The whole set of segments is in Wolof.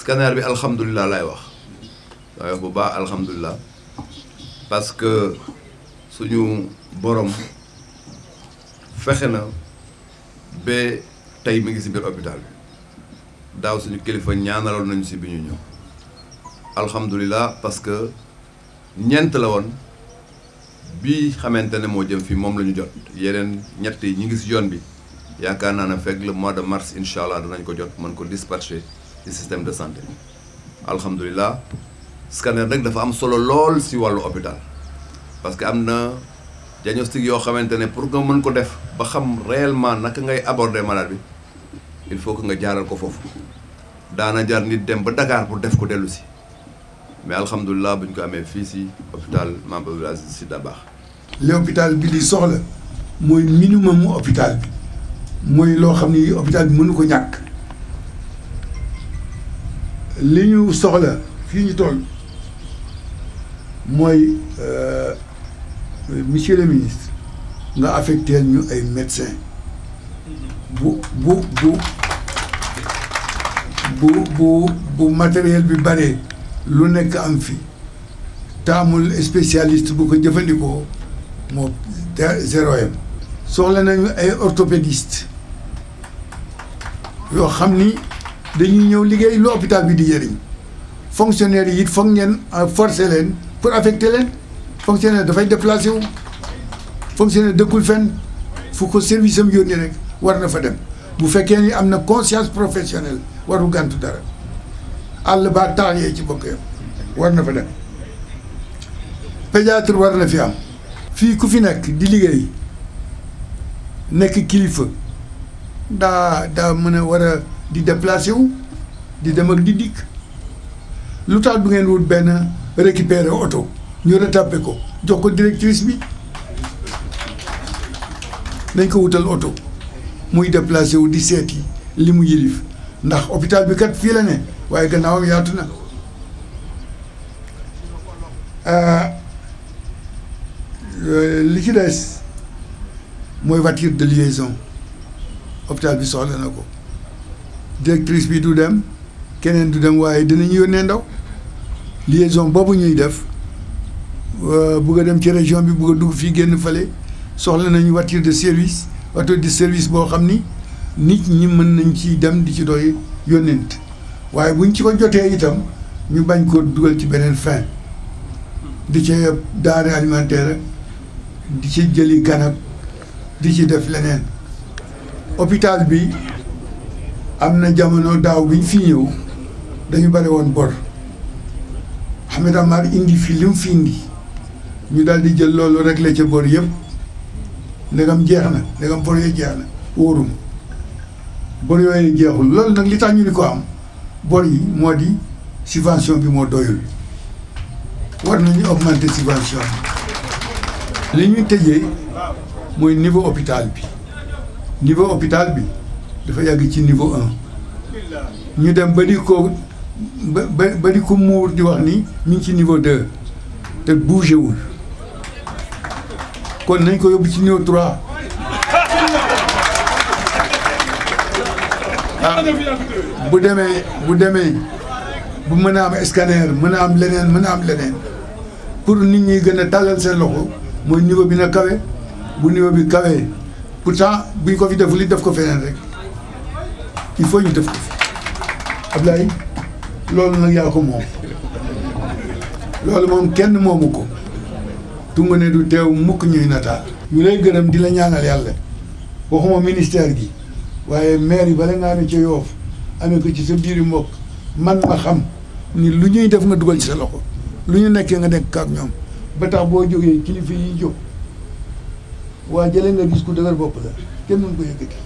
scanner bi alhamdullilah lay wax way bu ba alhamdullilah parce que suñu borom fexena be tay mi ngi ci bir hôpital daw suñu kilifa ñaanalon nañ ci bi ñu alhamdullilah parce que ñent la won bi xamantene mo jëm fi mom lañu jot yeneen ñett yi ñi ngi ci yoon bi yaakaar naa ne fekk le mois de mars inshallah allah ko jot man ko dispatcher ci système de santé alhamdulillah scanner nag dafa am solo lol ci walu hôpital parce que am na diagnostic yo xamantene pour que mën ko def ba xam réellement nak ngay aborder malade bi il faut que nga jaral ko foofu daana jar nit dem ba Dakar pour def ko delu si mais alhamdulilah buñ ko amé fi si hôpital Mame village ci dabax l'hôpital bi li soxla moy minimum hôpital bi moy lo xamni hôpital bi mënu ko ñak li ñu soxla fii ñu toll mooy euh, monsieur le ministre nga affecter ñu ay médecins bu bu bu bu bu bu matériel bi bare lu nekk am fi taamul spécialiste bu ko jëfandikoo moo zéro m soxla nañu ay orthopédiste yoo xam ni dañuy ñëw liggéey lu hôpital bi di jëriñ fonctionnaire yi it foog ngeen euh, forcer leen pour affecter leen fonctionnaire dafay déplacé wu fonctionnaire dëkkul fenn fu ko service am yónni rek war na fa dem bu fekkee ni am na conscience professionnel waru gàntu dara àll baa taal yee ci bokk war na fa dem pédiatre war na fi am fii ku fi nekk di liggéey nekk kilifa daa daa mën a war di déplacé wu di dem ak di dikk lu tax du ngeen wut benn récupérer oto ñu retapé ko jox ko directrice bi nañ ko wutal oto muy déplacé wu di seeti li mu yilif ndax hôpital bi kat fii la ne waaye gannaawam yaatu na euh, li ci des mooy voiture de liaison hôpital bi soxla na ko directrice bi du dem keneen du dem waaye dinañu yónnee ndaw liaison boobu ñuy def euh, bëgg a dem ci région bi bëgg a dugg fii génn fale soxla nañu voiture de service auto di service boo xam ni nit ñi mën nañ ci dem di ci doy yónnent waaye buñ ci ko jotee itam ñu bañ ko dugal ci beneen fin di ci denrée alimentaire di ci jëli ganab di ci def leneen hôpital bi am na jamono daaw bi ñu fi ñëw dañu bari woon bor Ahmed Amar indi fi li mu fi indi ñu daal di jël loolu rek la ca bor yëpp ndegam jeex na ndegam bor yooyu jeex na wóorum bor yooyu jeexul loolu nag li tax ñu di ko am bor yi moo di subvention bi moo doyul war nañu augmenter subvention bi li ñuy tëjee mooy niveau hôpital bi niveau hôpital bi dafa yàgg ci niveau un ñu dem ba di ko ba ba di ko muur di wax nii ñu ngi ci niveau de te bougé wul kon nañ ko yóbbu ci niveau trois ah bu demee bu demee bu mën a am scanner mën a am leneen mën a am leneen pour nit ñuy gën a tàllal seen loxo mooy niveau bi na kawe bu niveau bi kawee pourtant buñ ko fi def li def ko feneen rek il faut loolu nag yaa ko moom loolu moom kenn moomu ko tunga ne du teew mukk ñuy nataal ñu lay gërëm di la ñàngal yàlla waxuma ministère gi waaye maire yi bala nga amee ci yoof amee ko ci sa biir mbokk man ma xam ni lu ñuy def nga dugal ci sa loxo lu ñu nekkee nga nekk ak ñoom ba tax boo jógee kilifa yi jóg waa jëlee nga gis ku dëgër bopp la kenn mën ko yëkkati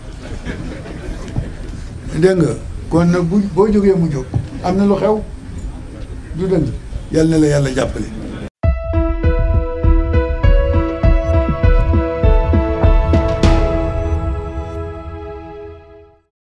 dégg nga kon nag bu boo jógee mu jóg am na lu xew du dëng yàlla na la yàlla jàppale